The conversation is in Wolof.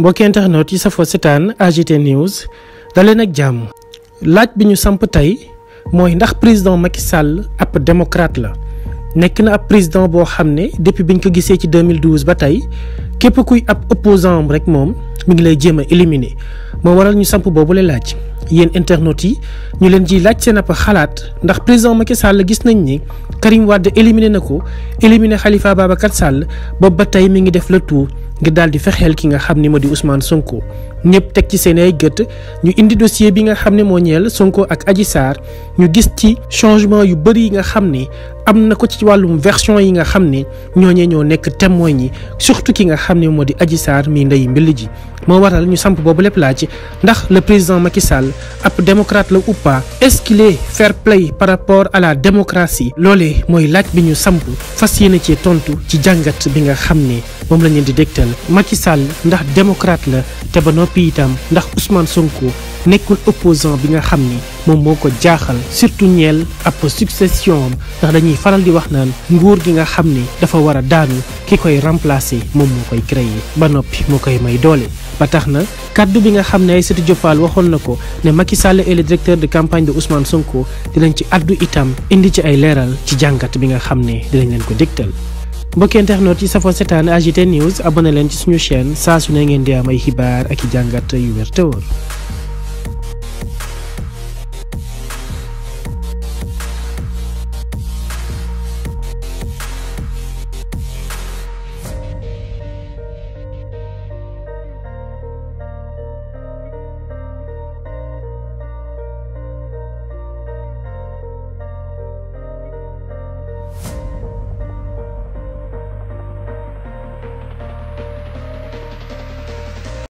mbokki internet yi safoo setaan AGT News daleen nag jàmm laaj bi ñu samp tey mooy ndax président Macky Sall ab démocrate la nekk na ab président boo xam ne depuis biñ ko gisee ci 2012 ba tey képp kuy ab opposant rek moom mi ngi lay jéem a éliminer moo waral ñu samp boobu la laaj yéen internautes yi ñu leen ciy laaj seen ab xalaat ndax président Macky Sall gis nañ ni Karim Wade éliminé na ko éliminé xalifa Babacar Sall boobu ba tey mi ngi def le tout nga daal di fexeel ki nga xam ni ma di Ousmane Sonko ñëpp teg ci seen ay gët ñu indi dossier bi nga xam ne moo ñeel Sonko ak aji Sarr ñu gis ci changement yu bëri yi nga xam ne am na ko ci wàllum version yi nga xam ne ñooñee ñoo nekk témoin yi surtout ki nga xam ne moo di aji Sarr mi ndey mbill ji moo waral ñu samp boobu lépp laaj ndax le président Macky Sall ab démocrate la ou pas est-ce qu'il est fair play par rapport à la démocratie loolee mooy laaj bi ñu samp fas yéene ci tontu ci jàngat bi nga xam ne moom la ñu di dégtal Macky Sall ndax démocrate la te ba noppi itam ndax Ousmane Sonko nekkul opposant bi nga xam ni moom moo ko jaaxal surtout ñeel ab succession am ndax dañuy faral di wax naan nguur gi nga xam ni dafa war a daanu ki koy remplacer moom moo koy créer ba noppi moo koy may doole. ba tax na kaddu bi nga xam ne Aïssatou Diop Fall waxoon na ko ne Macky Sall le directeur de campagne de Ousmane Sonko dinañ ci addu itam indi ci ay leeral ci jàngat bi nga xam ne dinañ leen ko dégtal. mbokki internet yi safoo setaan AGT news abonné leen ci suñu chaîne saa su ne ngeen dem ay xibaar ak i jàngat yu wér te